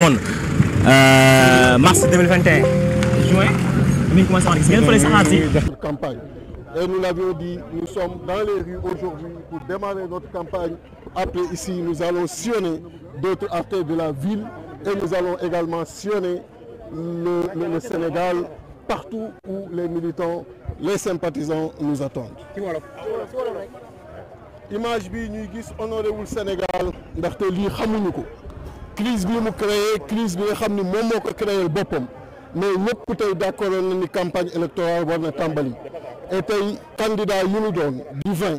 moon euh, mars 2021 juin mi ngi commencé campagne et nous l'avions dit nous sommes dans les rues aujourd'hui pour démarrer notre campagne après ici nous allons sillonner d'autres de la ville et nous allons également sillonner le, Sénégal partout où les militants les sympathisants nous attendent image bi ñuy gis honoré wul Sénégal ndaxte lii ko crise bi mu créé crise bi nga xam ni moom moo ko créé boppam mais ñëpp tey d'accord na ni campagne électorale war na tàmbali et tey candidat yu ñu doon du vingt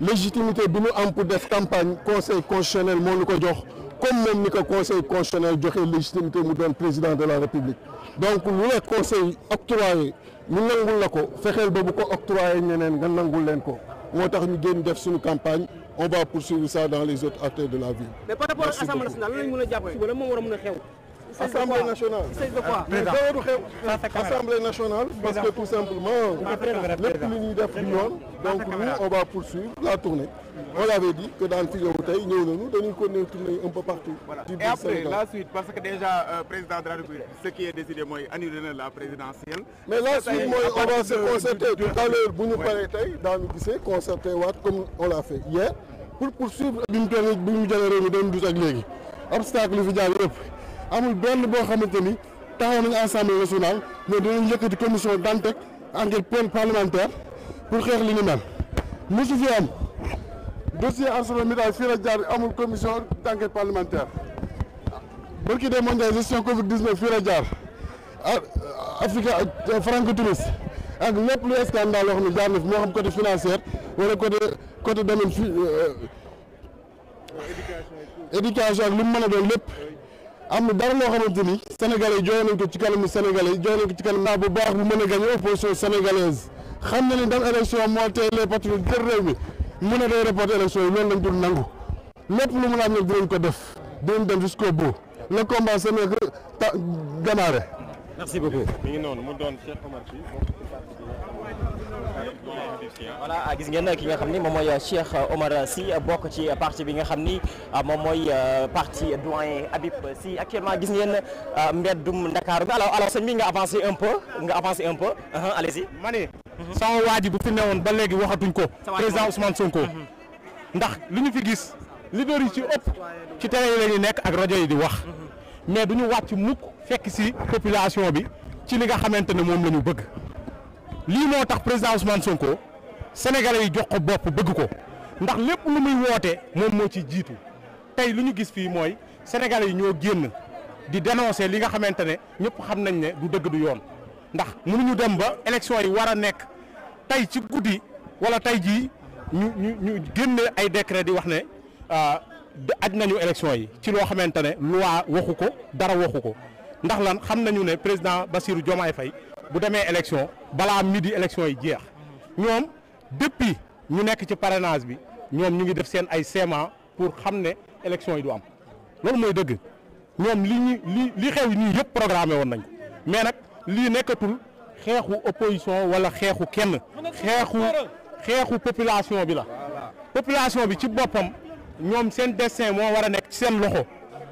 légitimité bi ñu am pour def campagne conseil constitutionnel moo ñu ko jox comme moom ni ko conseil constitutionnel joxe légitimité mu doon président de la république donc lu la conseil octroyé ñu nangul la ko fexeel ba bu ko octroyé ñeneen nga nangul leen ko moo tax ñu génn def suñu campagne on va poursuivre ça dans les autres acteurs de la ville. mais par rapport ak assemblée nationale lan lañ mën a jàpp si wala moom war a mën a xew. Assemblée nationale. mais que tout simplement lépp lu ñuy def du yoon donc on va poursuivre la tournée on l'avait dit que daan fi yow tey ñëw nañu dañuy continuer tournée un peu partout et après la suite parce que déjà euh, président de la République ce qui est décidé mooy la présidentielle mais la suite on va se concerter tout à l'heure bu ñu paree tey daanu gisee concerter waat on l'a fait hier pour poursuivre bi mu toll bi mu jëlee réew mi ak léegi obstacle fi jaar yëpp amul benn boo xamante ni taxaw nañu assemblée nationale mais dinañ yëkkati commission d'enquête enquête parlementaire pour xeex li ni mel. mosu fi am dossier ArcelorMittal fii la jaar amul commission d'enquête parlementaire barki de mondial gestion Covid 19 fii la jaar Africa euh, Franco Tourist ak lépp lu scandale wax ni jaar na fi moo xam côté financière wala côté côté domaine fi euh, éducation ak lu mën a doon lépp. am dara loo xamante ni sénégalais yi joxe nañ ko ci kanamu mi yi joxe nañ ko ci kanam bu baax bu mën a gagné opposition sénégalaise xam na ni dem élection moo tey les patriotes mi mu ne day reporté élection yi loolu lañ dul nangu lépp lu mën a am nag dinañ ko def dinañ dem jusqu'au bout le combat c'est notre ta démarré merci beaucoup mi ngi noonu mu doon Cheikh voilà gis ngeen ki nga xam ni moom mooy Cheikh Omar Sy bokk ci parti bi nga xam ni ah, moom mooy euh, parti doyen Habib Sy actuellement gis ngeen euh, mbeddum Ndakaaru bi alors alors sëñ bi nga avancé un peu nga avancé un peu uh-huh, allez-y ma ne sama waa ji bu fi newoon ba léegi waxatuñ ko président Ousmane Sonko uh-huh. ndax li ñu fi gis leader yi ci ëpp ci télé yi la nekk ak rajo yi di wax uh-huh. mais du ñu wàcc mukk fekk si population bi ci li nga xamante ne moom la ñu bëgg lii moo tax président Ousmane Sonko sénégalais yi jox ko bopp bëgg ko ndax lépp lu muy woote moom moo ci jiitu tey lu ñu gis fii mooy sénégalais yi ñoo génn di dénoncer li nga xamante ne ñëpp xam nañ ne du dëgg du yoon ndax mu ñu dem ba élection yi war a nekk tey ci guddi wala tey jii ñu ñu ñu génn ay décret di wax ne ah, aj nañu élection yi ci loo xamante ne loi waxu ko dara waxu ko ndax lan xam nañu ne président Bassirou Diomaye Faye bu demee élection balaa midi élection yi jeex ñoom depuis ñu nekk ci parrainage bi ñoom ñu ngi def seen ay serment pour xam ne élection yi du am loolu mooy dëgg ñoom li ñu li li xew nii yëpp programmé woon nañ mais nag lii nekkatul xeexu opposition wala xeexu kenn xeexu xeexu population bi la population bi ci boppam ñoom seen destin moo war a nekk seen loxo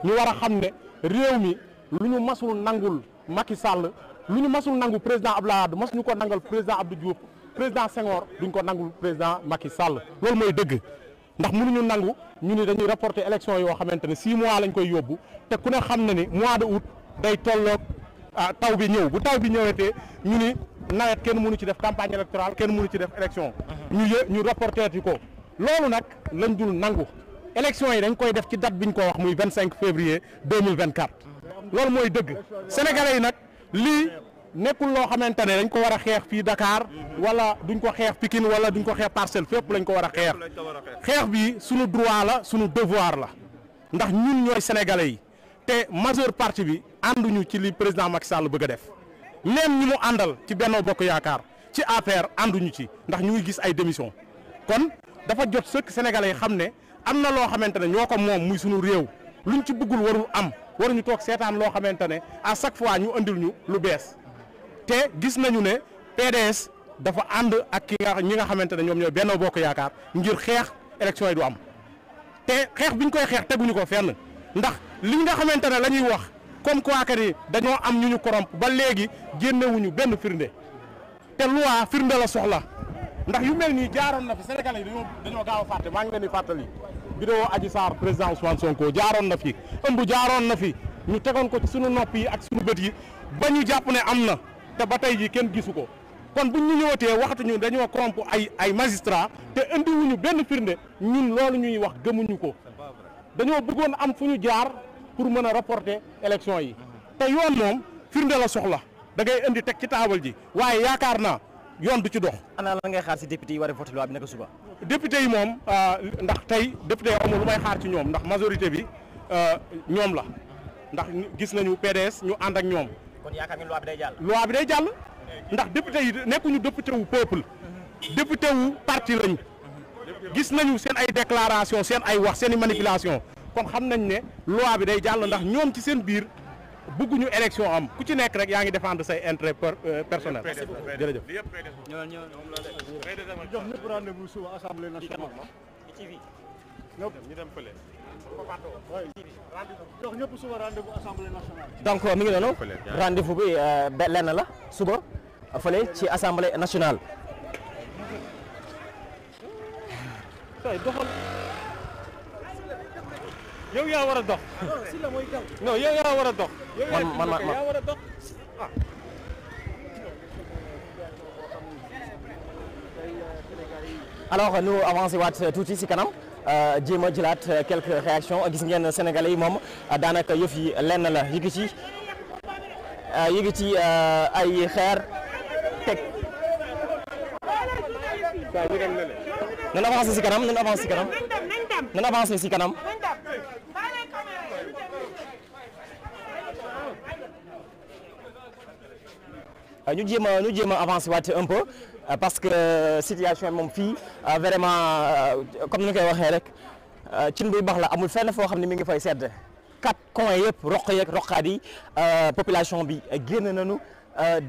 ñu war a xam ne réew mi lu ñu masul nangul Macky Sall lu ñu masul nangu président Abdoulaye Wade mas ñu ko nangal président Abdou Diouf président Senghor duñ ko nangul président Macky Sall loolu mooy dëgg ndax mënuñu nangu ñu ni dañuy reporter élection yoo xamante ne six mois lañ koy yóbbu te ku ne xam na ni mois de août day tolloog ah, taw bi ñëw bu taw bi ñëwetee ñu ni nawet kenn mënu ci def campagne électorale kenn mënu ci def élection ñu yë ñu reporter yi ko loolu nag lañ dul nangu élection yi dañ koy def ci date biñ ko wax muy vingt cinq février deux mille vingt quatre loolu mooy dëgg sénégalais yi lii nekkul loo xamante ne dañ ko war a xeex fii dakaar wala duñ ko xeex Pikine wala duñ ko xeex parcelle fépp lañ ko war a xeex xeex bii suñu droit la suñu devoir la ndax ñun ñooy sénégalais yi te majeure partie bi ànduñu ci li président Macky bëgg a def même ñi mu àndal ci Benno Bokk Yaakaar ci APR ànduñu ci ndax ñu ngi gis ay démission kon dafa jot sëkk sénégalais yi xam ne am na loo xamante ne ñoo ko moom muy suñu réew lu ñu ci bëggul warul am waruñu toog seetaan loo xamante ne à chaque fois ñu andil ñu lu bees te gis nañu ne PDS dafa ànd ak ki nga ñi nga xamante ne ñoom ñooy benn Bokk Yaakaar ngir xeex élection yi du am te xeex bi ñu koy xeex teguñu ko fenn ndax li nga xamante ne la ñuy wax comme quoi que ni dañoo am ñu ñu corrompe ba léegi génnewuñu benn firnde te loi firnde la soxla ndax yu mel nii jaaroon na fi Sénégalais yi dañoo dañoo gaaw a fàtte maa ngi leen di fàttali vidéo Adji Sarr président Ousmane Sonko jaaroon na fi ëmb jaaroon na fi ñu tegoon ko ci sunu nopp yi ak sunu bët yi ba ñu jàpp ne am na te ba tey ji kenn gisu ko kon buñ ñu ñëwatee waxtu ñu dañoo corrompre ay ay magistrat te indiwuñu benn firnde ñun loolu ñuy wax gëmuñu ko dañoo bëggoon am fu ñu jaar pour mën a reporter élection yi te yoon moom firnde la soxla da ngay indi teg ci taabal ji waaye yaakaar naa yoon du ci dox. ana lan ngay xaar si député yi war a voté loi bi naka suba. député yi moom euh, ndax tey député yi amul lu may xaar ci ñoom ndax majorité bi euh, ñoom la ndax gis nañu PDS ñu ànd ak ñoom. kon yaakaar bi day jàll. loi bi day jàll ndax député yi nekkuñu député wu peuple. député wu parti lañu. gis nañu seen ay déclaration seen ay wax seen i manipulation kon xam nañ ne loi bi day jàll ndax ñoom ci seen biir. bëgguñu élection am ku ci nekk rek yaa ngi défendre say intérêt personnel. jërëjëf jox ñëpp rendez-vous suba assemblée nationale. jox ñëpp suba rendez-vous assemblée nationale. donc mi ngi noonu rendez-vous bi lenn la suba fële ci assemblée nationale. yow yaa war a dox. non yow yaa war a dox. man man man yaa war a dox ah. alors ñu avancé waat tuuti si kanam. Euh, jéem a jëlaat quelques réactions gis ngeen sénégalais yi moom daanaka yëf yi lenn la yëgi ci euh, yëgi ci euh, ay xeer teg. nañ avancé si kanam nañ avancé si kanam. nañ avancé si kanam. Euh, ñu jéem a ñu jéem a avancer waat peu euh, parce que euh, situation moom fii vraiment comme ni koy waxee rek cin buy baax la amul fenn foo xam ne mi ngi fay sedd quatre coins yëpp roq yeeg roqaat yi population bi génn nañu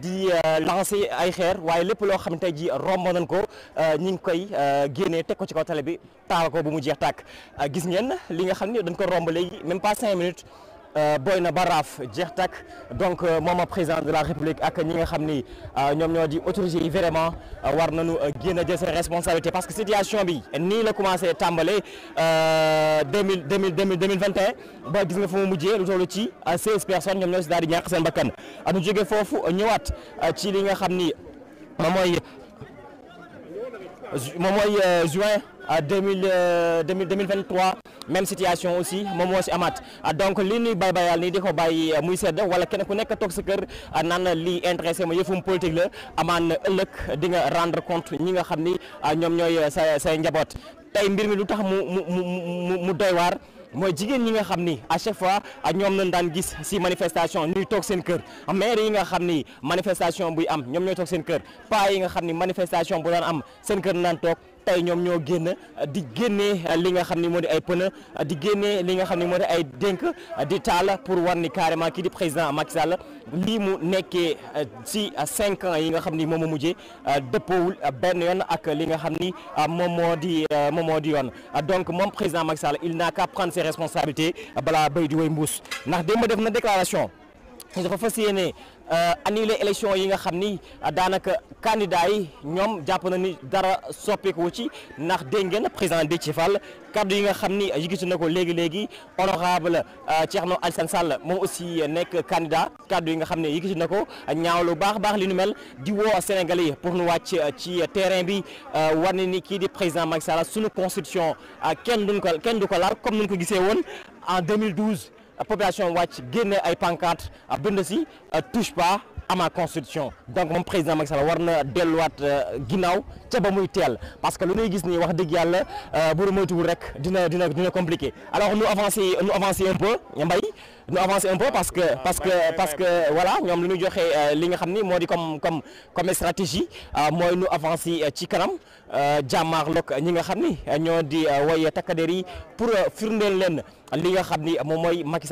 di lancer ay xeer waaye lépp loo xam ne tey jii romb nañ ko ñu ngi koy génnee teg ko ci kaw tale bi taal ko bu mu jeex tàkk gis ngeen li nga xam ne dañ ko romb léegi même pas cinq minutes. Euh, boy na baraaf jeex tak donc euh, moom président de la république ak ñi nga xam ni euh, ñoom ñoo di autorités yi vraiment war nañu génn a jël seen responsabilité parce que situation bi nii la commencé tàmbale deux mille deux mille deux mille vingt et un ba gis nga fu mu mujjee lu toll ci seize personnes ñoom ñoo si daal di ñàkk seen bakkan ah, ñu jóge foofu ñëwaat ci li nga xam ni moom mooy moom mooy juin Euh, deux mille deux mille vingt trois même situation aussi moom moo si amaat ah, donc li ñuy bay bayal nii di ko bàyyi euh, muy sedd wala kenn ku nekk toog sa kër ah, naan lii intéressé ma yëfum politique la amaan ëllëg di nga rendre compte ñi nga xam ni ah, ñoom ñooy euh, sa say njaboot tey mbir mi lu tax mu mu mu mu doy waar. mooy jigéen ñi nga xam ni à chaque fois ak ñoom lañ daan gis si manifestation ñuy toog seen kër maire yi nga xam ni manifestation buy am ñoom ñooy toog seen kër paa yi nga xam ni manifestation bu daan am seen kër naan toog tey ñoom ñoo génn di génnee li nga xam ni moo di ay pneu di génnee li nga xam ni moo di ay dénk di taal pour war ni carrément kii di président Macky Sall lii mu nekkee si euh, cinq ans yi nga xam ni moom a mujjee euh, dëppoowul benn yoon ak li nga xam ni euh, moom moo di moom moo di yoon donc moom président Macky Sall il n'a qu'à prendre ses responsabilités balaa béy di way mbuus ndax démb def na déclaration dafa fas yéene Euh, annulé élection yi nga xam ni euh, daanaka candidat yi ñoom jàpp na ni dara soppeeku ci ndax dégg ngeen président Déthié Fall kaddu yi nga xam ni yëkkati na ko léegi léegi honorable euh, Thierno Alassane Sall moom aussi nekk candidat kaddu yi nga xam ne yëkkati na ko ñaaw lu baax baax li nu mel di woo Sénégalais yi pour nu wàcc ci terrain bi war na ni kii di président Macky Sall sunu constitution kenn duñ ko kenn du ko laal comme ni ñu ko gisee woon en 2012. population wàcc génne ay a ah, bind si ah, touche pas à ma constitution donc moom président Macky Sall war na delluwaat euh, ginnaaw ca ba muy teel parce que lu ñuy gis nii wax dëgg yàlla euh, bu moytuwul rek dina dina dina compliqué alors nous avancer nous avancer un peu mbay nous avancer un parce que parce que parce que voilà ñoom lu ñu joxe euh, li nga xam ni moo di comme comme comme stratégie mooy nu avancer ci kanam jàmmaarloog ñi nga xam ni ñoo di way takkadeer yi pour firndeel leen li nga xam ni moom mooy Macky